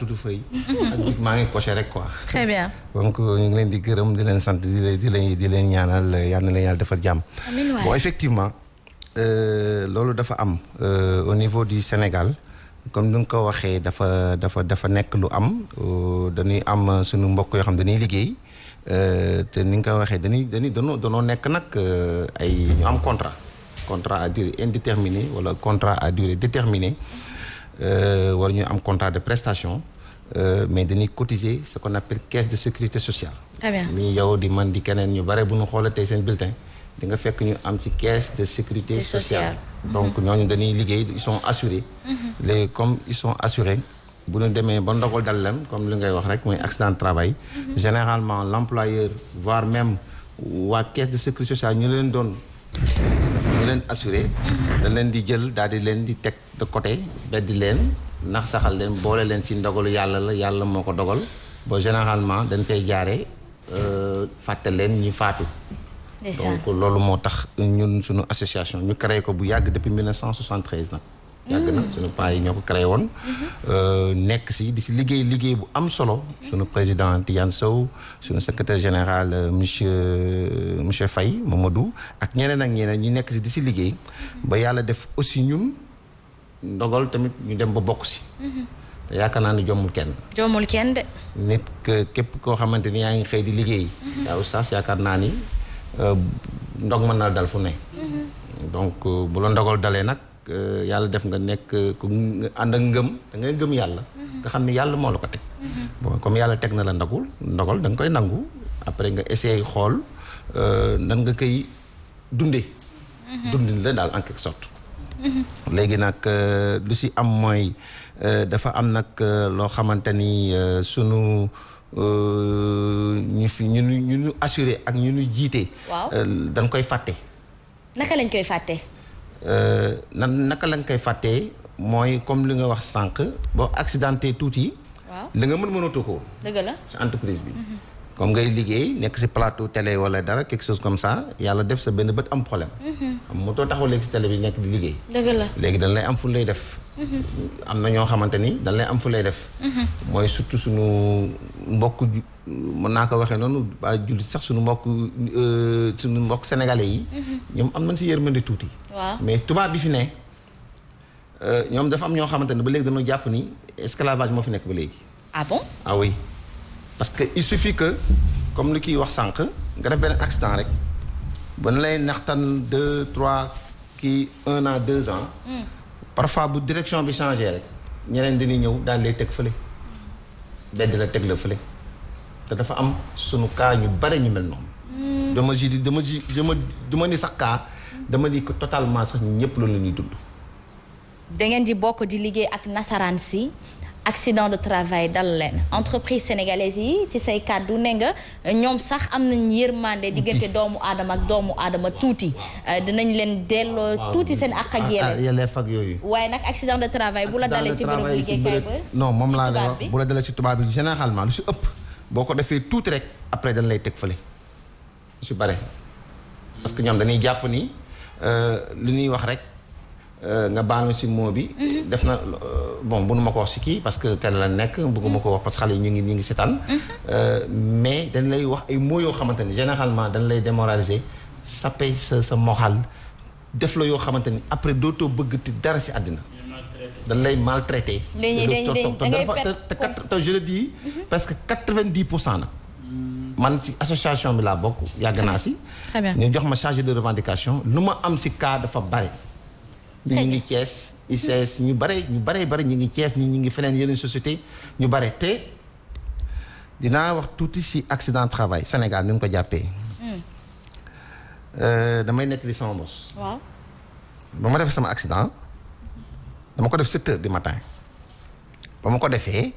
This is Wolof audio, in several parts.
tudd fay. maa ngi coché e rek quoi. donc ñu ngi leen di gërëm di leen sant di di leen di leen ñaanal yal na leen yàlla defal jàmm. amiin waay e, loolu dafa am e, au niveau du Sénégal. comme ni nga ko waxee dafa dafa dafa nekk lu am dañuy am suñu mbokk yoo xam dañuy liggéey te ni nga ko waxee dañuy dañuy danoo danoo nekk nag ay ñu am contrat contrat à durée indéterminée wala contrat à durée déterminée wala ñu am contrat de prestation Euh, mais dañuy cotiser ce qu'on appelle caisse de sécurité sociale. très bien ni yow di man di keneen ñu bare bu ñu xoolee tey seen bulletin di nga fekk ñu am ci caisse de sécurité sociale. donc mm-hmm. ñooñu dañuy liggéey ils sont assurés. Mm-hmm. léegi comme ils sont assurés. bu ñu demee ba ndogal dal leen comme li ngay wax rek mooy accident de travail. Mm-hmm. généralement l'employeur voire même waa caisse de sécurité sociale ñu leen doon ñu leen assuré. dañ leen di jël daal di leen di teg de côté beddi leen. nax saxal leen boole leen si ndogalu yàlla la yàlla moo ko dogal ba généralement dañ koy jaaree euh, fàtte leen ñi faatu. donc loolu moo tax ñun suñu association ñu créé ko bu yàgg depuis 1973 nag. yàgg na mm. suñu paa yi ñoo ko créé woon. Mm-hmm. Euh, nekk si di si liggéey liggéey bu am solo. sunu président Tidiane Sow suñu secretaire général euh, monsieur monsieur Faye Mamadou ak ñeneen ak ñeneen ñu nekk si di si liggéey. ba yàlla def aussi ñun. ndogal tamit ñu dem ba bokk si. Mhm. yaakaar naa ne jommul kenn. jommul kenn de. nit que képp koo xamante ni yaa ngi xëy di liggéey. Mhm. yaa oustaz yaakaar naa ni euh, ndog ma na dal fu ne. Mhm. donc euh, bu la ndogal dalee nag euh, yàlla def nga nekk ku ànd ak ngëm da ngay gëm yàlla. nga xam ne yàlla moo la ko teg. bon comme yàlla teg na la ndagul ndogal da nga koy nangu après nga essayé xool nan nga koy dundee. dundin la daal en quelque Mm-hmm. léegi nag euh, lu si am mooy euh, dafa am nag euh, loo xamante ni sunu ñu fi ñu ñu ñu assuré ak ñu ñu jiite. waaw dañ koy fàtte. naka lañ koy fàtte. nan naka lañ koy fàttee mooy comme li nga wax sànq boo accidenté tuuti. waaw li nga mën mënatu ko. dëgg la ci entreprise bi. Mm-hmm. comme ngay liggéey nekk si plateau tele wala dara quelque chose comme ça yàlla def sa benn bët am problème. Mhm. am moo tax taxaw léegi si télé bi nekk di liggéey. léegi dañ lay am fu lay def. Mhm. am na ñoo xamante ni dañ lay am fu lay def. Mhm. mooy surtout suñu mbokk mën naa ko waxee noonu waa jullit sax suñu mbokk euh, suñu mbokk sénégalais yi. ñoom am nañ si yërmande tuuti. waaw mais tubaab bi fi ne euh, ñoom dafa am ñoo xamante ne ba léegi dañoo jàpp ni esclavage moo fi nekk ba léegi. ah bon ah parce que il suffit que comme li kiy wax sànq nga def benn accident rek ba lay naxtan deux trois kii un an deux ans. Hmm. parfois bu direction bi changé rek ñeneen dañuy ñëw daal lay teg fële. bedd la teg la fële te dafa am sunu cas ñu bare ñu mel noonu. Hmm. dama ji dama ji dama dama ni sax cas dama ni ko totalement sax ñun ñëpp loolu la ñuy dund. da di bokk di liggéey ak nasaraan si. accident de travail dal leen entreprise sénégalaise yi ci say kàddu ne nga ñoom sax am nañ yërmande diggante doomu aadama ak doomu aadama tuuti euh, dinañ leen delloo tuuti seen ak ak ah, ah, yelleef ak yooyu waaye nag accident de travail bu la dalee ci bërëb liggéeykaay ba non moom laa lay wax la dalee ci tubaab bi généralement lu si ëpp boo ko defee tuuti rek après dañ lay teg fële lu si bare parce que ñoom dañuy jàpp ni euh, lu ñuy wax rek Euh, nga baal si moo bi. Mhm. def na euh, bon nu ma ko wax si kii parce que tel la nekk bëgguma ko wax parce que xale yi ñu ngi ñu ngi seetaan. Mhm. Euh, mais dañ lay wax ay moo yoo xamante ni généralement dañ lay démoraliser sape sa sa moxal def la yoo xamante ni après dootoo bëgg te dara si àddina. dañ lay maltraité. dañuy dañuy te parce que mhm. quatre-vingt-dix pour cent la. Mm. man si association bi laa bokk yàgg naa si. ñu jox ma chargé de revendication lu ma am si cas dafa bare. ñi ngi Thiès ICS ñu bare ñu bare bare ñu ngi Thiès ñi ñu ngi feneen yeneen société ñu bare te dinaa wax tuuti si accident travail Sénégal ni mu ko jàppee euh, damay nettali sama bos ba ma defee sama accident dama ko def sept heures du matin ba ma ko defee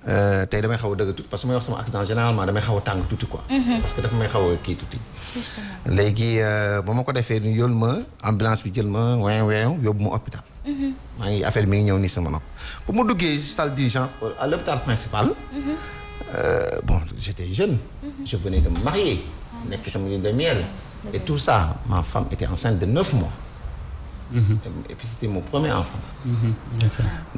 Eh, tey damay xaw a dëgg tuuti parce que may wax sama accident généralement damay xaw a tàng tuuti quoi. Mhm. parce que dafa may xaw a kii tuuti. léegi euh, ba ma ko defee ñu yóbbu ma ambulance bi jël ma weyn weyn yóbbu ma hôpital. Mhm. maa ngi affaire mi ngi ñëw nii sama nopp bu ma duggee salle d'urgence euh, à l'hôpital principal. Mhm. Euh, bon j'étais jeune. je venais de me marier. Ah. nekk sama lune de miel. et tout ça ma femme était enceinte de neuf mois. et puis c'était mon premier enfant. Mhm.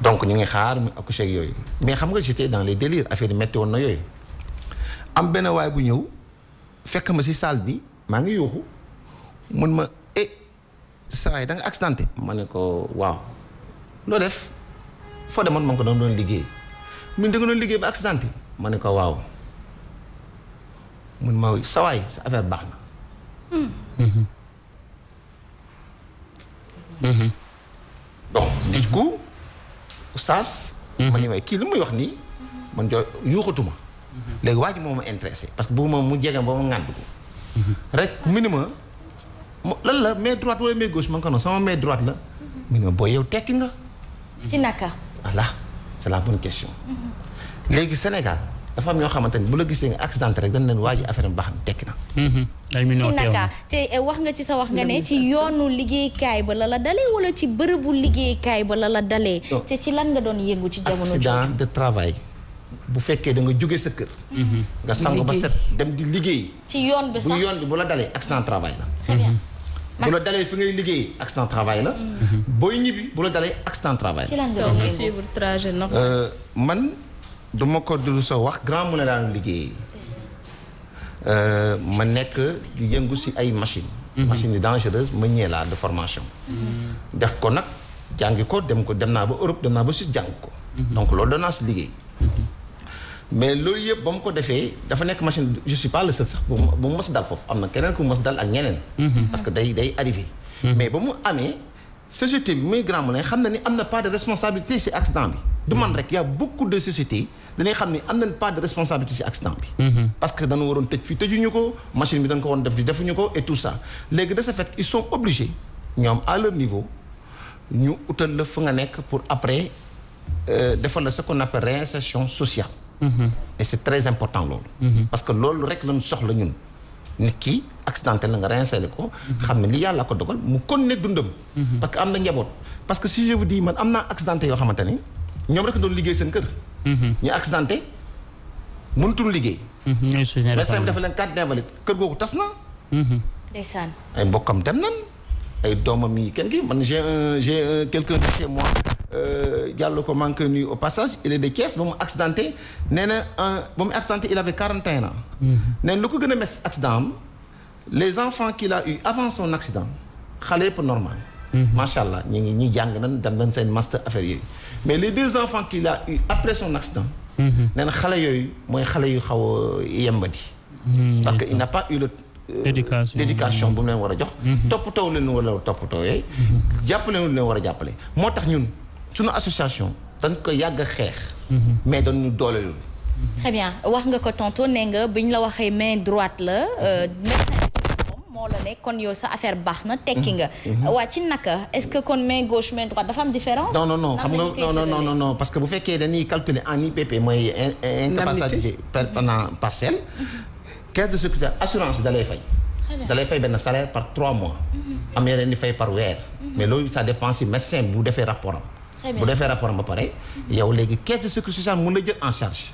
donc ñu ngi xaar mi accouché ak yooyu. mais xam nga j'étais dans les délires affaire yi métti woon na yooyu. am benn waay bu ñëw fekk ma si salle bi maa ngi yuuxu mun ma eh saa waay da nga accidenté. ma ne ko waaw def foo demoon ma ko doon liggéey mun da nga doon liggéey ba accidenté. ma ne ko waaw mun ma sawaay sa affaire baax na. Mhm. Mm-hmm. donc nit mm-hmm. ku saas. Mm-hmm. ma ni may kii lu muy wax nii man joo yuuxatuma. léegi waa moom moo parce que bu ma mu jege ba ma ŋànd ko. rek minima lan la main droite wala main gauche man ko non sama main droite la minima boo yow tekki nga. ci naka. voilà c'est la bonne question. léegi Sénégal dafa am ñoo xamante ni bu la gisee nga accidenté rek dañ leen waa affaire am baax na tekki na. ci naka te eh, wax nga ci sa wax nga ne ci yoonu liggéeykaay ba la la dalee wala ci bërëbu liggéeykaay ba la la dalee te ci lan nga doon yëngu ci jamono accident de travail bu fekkee da nga jóge sa kër mhm. nga sangu ba set dem di liggéey ci yoon bi sax bu yoon bi bu la dalee accident travail la bu la dalee ngay liggéey accident travail la mhm. booy ñibbi bu la dalee accident travail la euh, man duma ko du sa wax grand mu ne daan liggéey Euh, ma nekk yëngu si ay machine mhm. machine yi dangereuse meunier laa de formation mhm. def ko nag jàngi ko dem ko dem naa ba Europe dem naa ba Suisse jàng ko mhm. donc loolu danaa si liggéey mais loolu yëpp ba mu ko defee dafa nekk machine je suis pas le seul sax bu mu mos dal foofu am na keneen ku mos dal ak ñeneen parce que day day arrivé mais ba mu amee société bi muy grand moulin xam na ni am na part de responsabilité ci accident bi du man rek y a beaucoup de sociétés dañuy xam ni am na part de responsabilité ci accident bi mhm. parce que dañu waroon tëj fii tëjuñu ko machine bi dañ ko waroon def di defuñu ko et tout ça léegi de ce fait ils sont obligés ñoom à leur niveau ñu utal la fa nga nekk pour après euh, defal la sa qu'on appelle réinsertion sociale mhm. et c'est très important loolu mhm. parce que loolu rek lañ soxla ñun nit ki accidenté la nga réinsérer ko. xam ne li yàlla ko dogal mu kon ne dundam. parce que am na njaboot. parce que si je vous dis man am naa accidenté yoo xamante ni ñoom rek doon liggéey seen kër. ñu accidenté mënutuñu liggéey. ñooy suñu dafa leen carte d'invalide kër googu tas na. Mhm. ndeysaan. ay mbokkam dem nan ay doomam yi kenn gi man j'ai un j'ai quelqu'un de moi. Euh, Diallo ko maa ngi koy nuyu au passage il est de Thiès ba mu accidenté nee na euh, ba mu accidenté il avait 41 ans. Mm-hmm. nee na lu ko gën a mes accident am les enfants qu'il a eu avant son accident xale yëpp normal. Mm-hmm. macha allah ñu ngi ñi jàng nañ dem nañ seen master affaire yooyu mais les deux enfants qu'il a eu après son accident. Mm-hmm. nee xale yooyu mooy xale yu xaw a yembadi. parce que il n'a pas eu le. dédication euh, bu mu leen war a jox. toppatoo leen war a toppatoo yooyu. leen war a jàppale moo tax sunu association danga ko yàgg a xeex. Mhm. mais dañu dooleel. très bien wax nga ko tontu nee nga bi ñu la waxee main droite la. Euh, moo la ne kon yow sa affaire baax na tekki nga. Mhm. Mhm. waa ci naka est-ce que kon main gauche main droite dafa am différence. non non non xam nga non que bu fekkee dañuy calculer en IPP mooy. incapacité pendant partielle. caisse de sécurité da lay fay. da lay fay benn salaire par trois mois. am yeneen di fay par weer. mais loolu ça dépend si médecin bu defee rapport am. bu defee rapport ba pare yow léegi caisse de sécurité sociale mun la jël en charge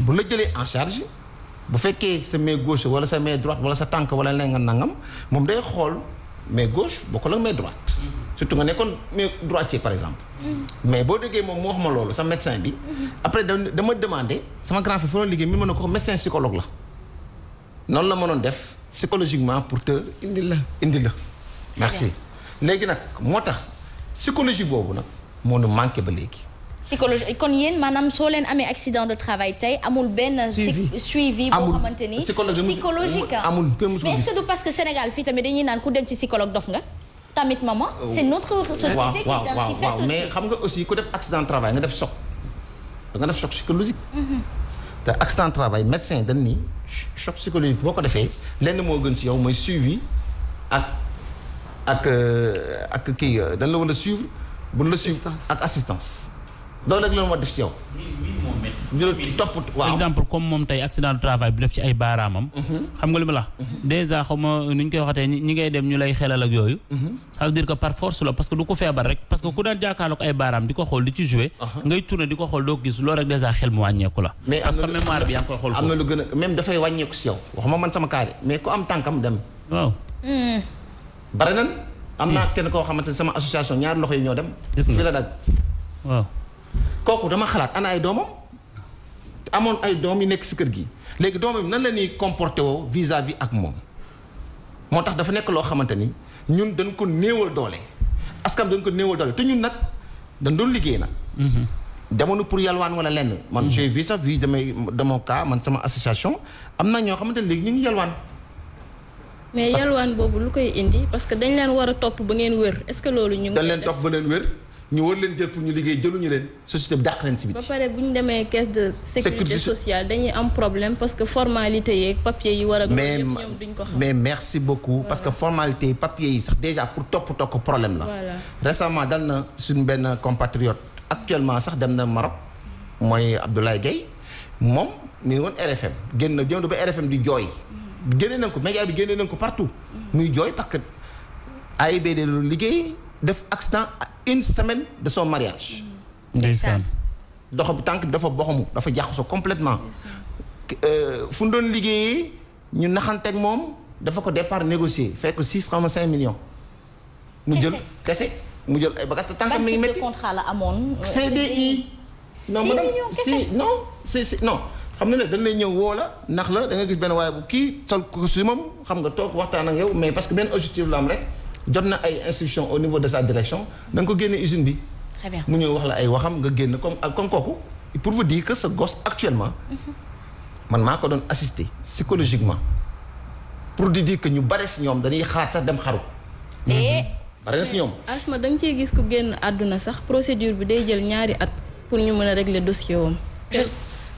bu la jëlee en charge bu fekkee sa mais gauche wala sa main droite wala sa tànk wala lenga nangam moom day xool mais gauche bokkul ak main droite mhm. surtout nga nekkoon main droitier par exemple mhm. mais boo déggee moom moo wax ma loolu sa médecin bi mhm. après dama demandé sama grand frère fa liggéey mi mën na ko médecin psychologue la noonu la mënoon def psychologiquement pour te indi la indi la merci léegi nag moo tax psychologie boobu nag moo nu manqué ba léegi. psychologie kon yéen maanaam soo leen amee accident de travail tey amul benn. suivi boo xamante ni psychologique amul mais est-ce que du parce que Sénégal fii tamit dañuy naan ku dem ci psychologue dof nga. tamit maman euh, c'est notre société. qui est ainsi faite aussi mais xam nga aussi ku def accident de travail nga def choc. da nga def choc psychologique. Mhm. te accident de travail médecin dañ ni choc psychologique boo ko defee lenn moo gën ci yow mooy suivi ak ak euh, ak kii euh, dañ la war a suivre. bu la suivre ak assistance. loolu rek la ma def si yow. ñu topp waaw exemple comme moom tey accident du travail bi def ci ay baaraamam. Mhm. xam nga li ma la wax. Mhm. dèjà xaw ma nu ñu koy waxatee lay xelal ak yooyu. Mhm. ça veut que par force la parce que du ko feebar rek parce que ku daan jàkkaarloog ay baaraam di ko xool di ci joué. ngay tourné di ko xool doo gis loolu rek dèjà xel mu wàññeeku la. parce que mémoire bi yaa koy xool. am na lu gën a même dafay wàññeeku am naa kenn koo xamante ne sama association ñaari loxo yi ñoo dem. fii la dagg. waaw kooku dama xalaat ana ay doomam amoon ay doom yu nekk si kër gi léegi doomam nan la ñuy comporté woo vis-à-vis ak moom moo tax dafa nekk loo xamante ni ñun dañ ko néewal doole askan dañ ko néewal doole te ñun nag dañ doon liggéey nag. Mhm. demoonu pour yalwaan wala lenn. man mhm. j'ai vu ça vu de mon cas man sama association am na ñoo xamante ne léegi ñu ngi yalwaan. mais yalwaan boobu lu koy indi parce que dañ leen war a topp ba ngeen wér est-ce que loolu. ñu ngi dañ leen topp ba leen wér ñu war leen jël pour ñu liggéey jëluñu leen société bi dàq leen si biti. ba pare bu ñu demee caisse de. sécurité sociale dañuy am problème parce que formalité yeeg papier yi war a. mais mais merci beaucoup parce que formalité yi papier yi sax déjà pour topp topp problème la. récemment dal na suñu benn compatriote actuellement sax dem na Maroc mooy Abdoulaye Gueye moom mi ngi woon RFM génn na jëm ba RFM di jooy. génne nañ ko média bi génne nañ ko partout. muy jooy parce que AIBD la liggéey def accident une semaine de son mariage. Mm. ndeysaan dox bi tànk bi dafa boxamu dafa jaxasoo complètement euh, fu mu doon liggéeyee ñu naxanteeg moom dafa ko départ négocier fekk six xaw ma cinq millions. mu jël kese mu jël ay bagages te tànkam mi ngi la amoon. CDI. Euh, non mu dem si si non. xam nga ne dañ lay ñëw woo la nax la da nga gis benn waaye bu kii sol moom xam nga toog waxtaan ak yow mais parce que benn objectif la am rek jot na ay instructions au niveau de sa direction da nga ko génne usine bi. très bien mu ñëw wax la ay waxam nga génn comme comme kooku pour vous dire que ce gosse actuellement. Mhm. man maa ko doon assister psychologiquement pour di dire que ñu bare si ñoom dañuy xaar sax dem xaru. Mhm. bare na si ñoom. asma da nga cee gis ku génn àdduna sax procédure bi day jël ñaari at pour ñu mën a régler dossier wam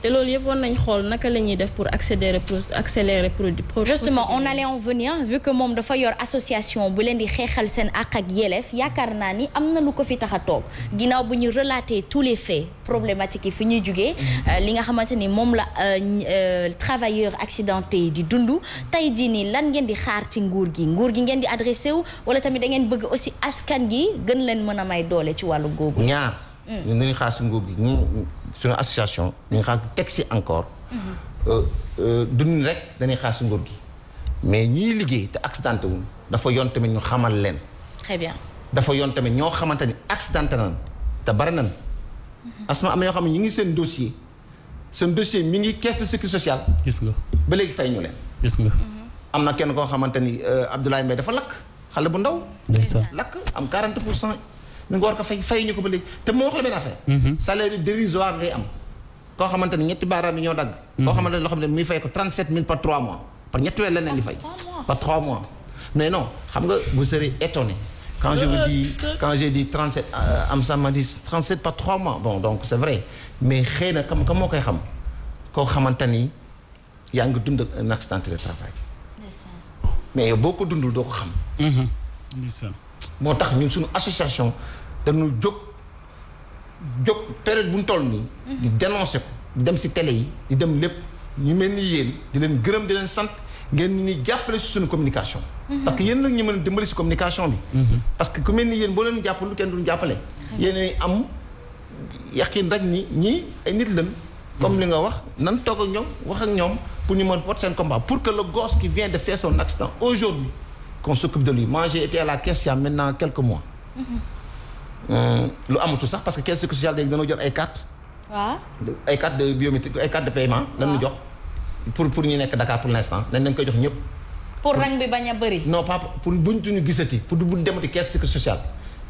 te loolu yëpp war nañ xool naka la ñuy def pour accélérer accélérer produit. justement on allait en venir vu moom dafa yor association bu leen di xeexal seen àq ak yelleef yaakaar naa ni am na lu ko fi tax a toog ginnaaw bu ñu relater tous les faits problématiques yi fu ñuy jugee euh, li nga xamante ni moom la euh, euh, travailleur accidenté yi di dund tey jii nii lan ngeen di xaar ci nguur gi nguur gi ngeen di adressé wu wala tamit da ngeen bëgg aussi askan gi gën leen mën a may doole ci wàllu googu. ñaar. Hmm. ñu gi suñu association ñu ngi xaar teg si encore euh, euh, duñu rek dañuy xaar si nguur gi mais ñiy liggéey te accidenté wuñ dafa yoon tamit ñu xamal leen très bien dafa yoon tamit ñoo xamante ni accidenté nan te bari nan asma am na ñoo xam ne ñu ngi seen dossier seen dossier mi ngi caisse de sécurité sociale gis nga ba léegi fay ñu leen am na kenn koo xamante ni euh, Abdoulaye Mbaye dafa lakk xale bu ndaw lakk am 40 pour cent mais nga war ko fay fay ñu ko ba léegi te moo wax la benn affaire. Mhm. salaire dérisoire ngay am. koo xamante ne ñetti baaraam yi ñoo dagg. Mhm. koo xamante ne loo xam ne mi fay ko 37000 par 3 mois par ñetti weer mois mais non xam nga bu serez étonné. quand di vous dis quand j'ai dit 37 Amsa m'a dit 37 par 3 mois bon donc c'est vrai mais xëy na kam kam moo koy xam koo xamante ni yaa ngi dund ak un accident de travail. mais yow boo ko dundul doo ko xam. Mhm. moo tax ñun suñu association. dañu jóg jóg période bu ñu toll nii. Mhm. di dénoncer ko di dem si télé yi di dem lépp ñu mel ni yéen di leen gërëm di leen sant ngeen ni jàppale si suñu communication. Mhm. parce que yéen la ñu mën a dimbali si communication bi. Mhm. parce que ku mel ni yéen boo leen lu kenn duñu jàppale. yéen am yaqin rek ni ñii ay nit lañ. comme li nga wax nan toog ak ñoom wax ak ñoom pour ñu mën porter seen combat pour que le gos qui vient de faire son accident aujourd'hui qu'on s'occupe de lui la caisse a maintenant quelques mois. Euh, lu amatu sax parce que caisse sociale léegi dañoo jot ay carte waaw ay carte de biométrique ay carte de paiement. lan jox pour pour ñu nekk Dakar pour l' instant dañ koy jox ñëpp. pour rang bi bañ a bëri. no pas pour buñ ñu gisati pour buñ demati caisse sociale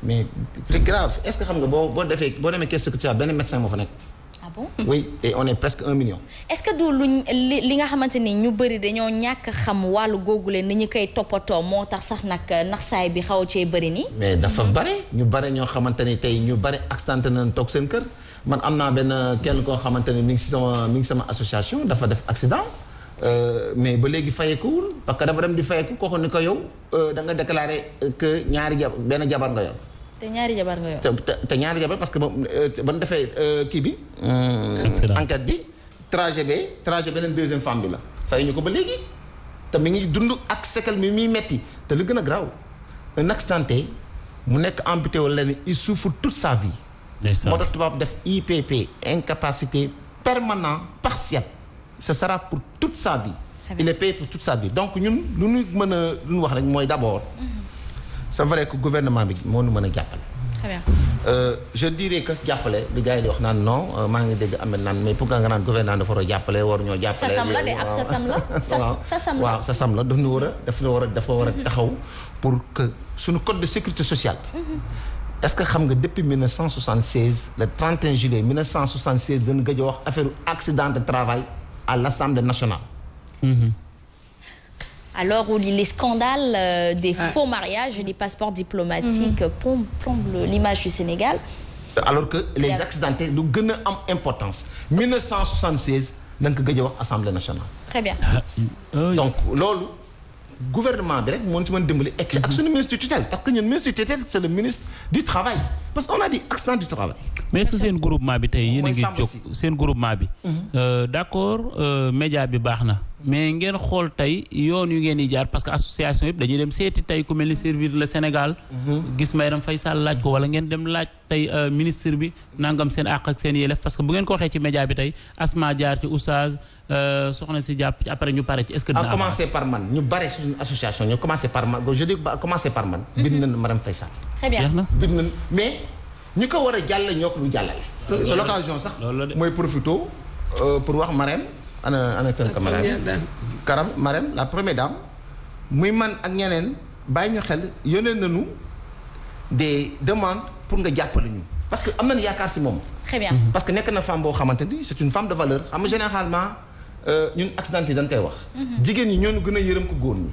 mais c'est grave est ce que xam nga boo boo defee boo demee caisse sociale benn médecin moo fa nekk. ah bon. oui et on est presque un million. est-ce que du luñ li nga xamante ni ñu bëri dañoo ñàkk xam wàllu googu leen ni ñu koy toppatoo moo tax sax nag euh, naxsaay bi xaw cee bëri nii. mais dafa mm-hmm. bare ñu bare ñoo xamante ni tey ñu bare accidenté nañ toog seen kër man am naa benn euh, kenn koo xamante ni mi ngi si sama mi ngi sama association dafa def accident. Euh, mais ba léegi fayeekuwul parce que dafa dem di fayeku kooku ni ko yow danga nga déclaré ñaari ja benn jabar nga yow. te ñaari jabar te ñaari jabar parce que euh, ba nu defee euh, kii bi. Euh, enquête bi trajet be trajet beneen deuxième femme bi la. fay ñu ko ba léegi te mi ngi dund ak séquelles mi muy metti te lu gën a garaaw nag accidenté mu nekk amputé wala lenn il souffre toute sa vie. moo tax tubaab def IPP incapacité permanent partielle ce sera pour tout sa vie. il est payé pour toute sa donc ñun lu ñu mën a lu ñu wax rek mooy d' abord. Mm-hmm. c'est vrai que gouvernement bi moo nu mën a jàppale. très bien. Euh, je dirais que jàppale li gars yi di wax naan non euh, maa ngi dégg amel naan mais pour nga naan gouvernement dafa war a jàppale war ñoo jàppale. sasam la de ab sasam la. la waaw sasam la daf ñu war a daf war a dafa war a taxaw pour que suñu code de sécurité sociale. Mhm. est-ce que xam nga depuis 1976 le 31 juillet 1976 dañu gëj a wax affaire accident de travail à l'Assemblée nationale. Mhm. à l'heure où les scandales euh, des ouais. faux mariages et des passeports diplomatiques mm -hmm. plombent l'image du Sénégal. alors que gën a am importance 1976 lañ ko gëj a wax assemblée nationale. très bien. Ah, euh, donc loolu gouvernement bi rek moo ñu si mën dimbali. Mhm. ak suñu ministre mais est-ce que seen groupement bi tey yéen a ngi jóg seen groupement bi mhm. euh, d'accord euh, média bi baax na mais ngeen xool tey yoon yu ngeen di jaar parce que association yëpp dañuy dem seeti tey ku mel ni servir le Sénégal mhm. gis Mayram Faye Sall laaj ko wala ngeen dem laaj tey euh, ministre bi nangam seen àq ak seen yelef parce que bu ngeen ko waxee ci média bi tey asma jaar ci oustaz soxna si jàpp ci après ñu pare ci est-ce que dina commencer par man ñu bare suñu association ñu commencer par man je dis commencer par man mhm. bind nañ ñi ko war a jàll ñoo ko du jàllale. c'est l'occasion sax. mooy profito euh, pour wax Marème ana ana tënk Marème. karam Marème la première dame. muy man ak ñeneen bàyyi ñu xel yeneen na nu des demandes pour nga jàppale ñu parce que am nañu yaakaar si moom. très parce que nekk na femme boo xamante ni c'est une femme de valeur xam nga généralement euh, ñun accident yi dañ koy wax. Mhm. jigéen ñi ñoo gën a yërëm ko góor ñi.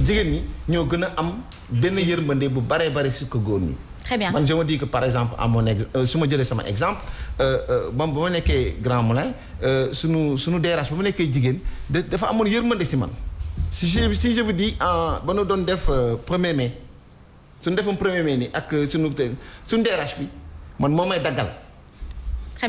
jigéen ñi ñoo gën a am benn yërmande bu baree bare si ko góor ñi. très bien man je me par exemple à mon euh, su ma jëlee sama exemple moom euh, euh, ba ma nekkee Grand Moulin sunu sunu DRH ba mu nekkee jigéen dafa amoon yërmande si man si je si je di en ba nu doon def premier mai suñu defoon premier mai ni ak sunu sunu DRH bi man moo may daggal. très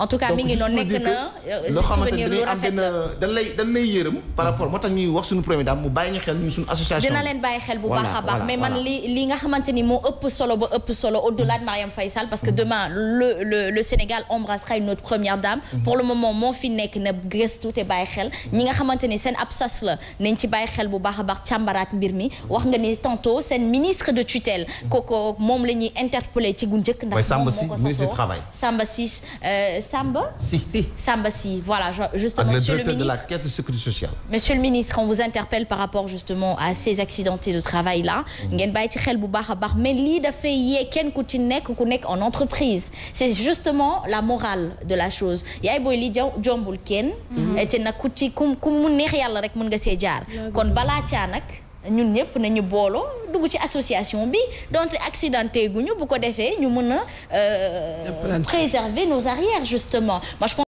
en tout cas mi ngi noonu nekk na. Euh, loo xamante ne dañuy am benn yërëm. par rapport moo tax ñuy wax suñu première dame mu bàyyi ñu xel ñu suñu association. dina leen bàyyi xel bu baax a baax. mais man li li nga xamante ni moo ëpp solo ba ëpp solo au delà Mariam Faye parce que mm-hmm. demain le le le Sénégal embrassera une autre première dame. Mm-hmm. pour le moment moo fi nekk na gëstu te bàyyi xel. ñi nga xamante ni seen sas la nañ ci bàyyi xel bu baax a baax càmbaraat mbir mi wax nga ni tantôt seen ministre de tutelle. Mm-hmm. kooku moom la ñuy interpellé ci gu njëkk. ndax moom moo ko Samba Si. si. Samba Si. Voilà, justement, monsieur le ministre. on vous interpelle par rapport à ces accidentés de travail-là. Mm. Ngeen bàyyi ci xel bu baax a baax mais da dafay yee kenn ku ci nekk ku nekk en entreprise. C'est justement la morale de la chose. Yaay booy li jombul kenn. Mm-hmm. te nag ku ci ku mu ne yàlla rek mën nga see jaar. kon balaa caa ñun ñëpp nañu booloo dugg ci association bi donte accidenté guñu bu ko defee ñu mën a euh, préserver nos arrières justement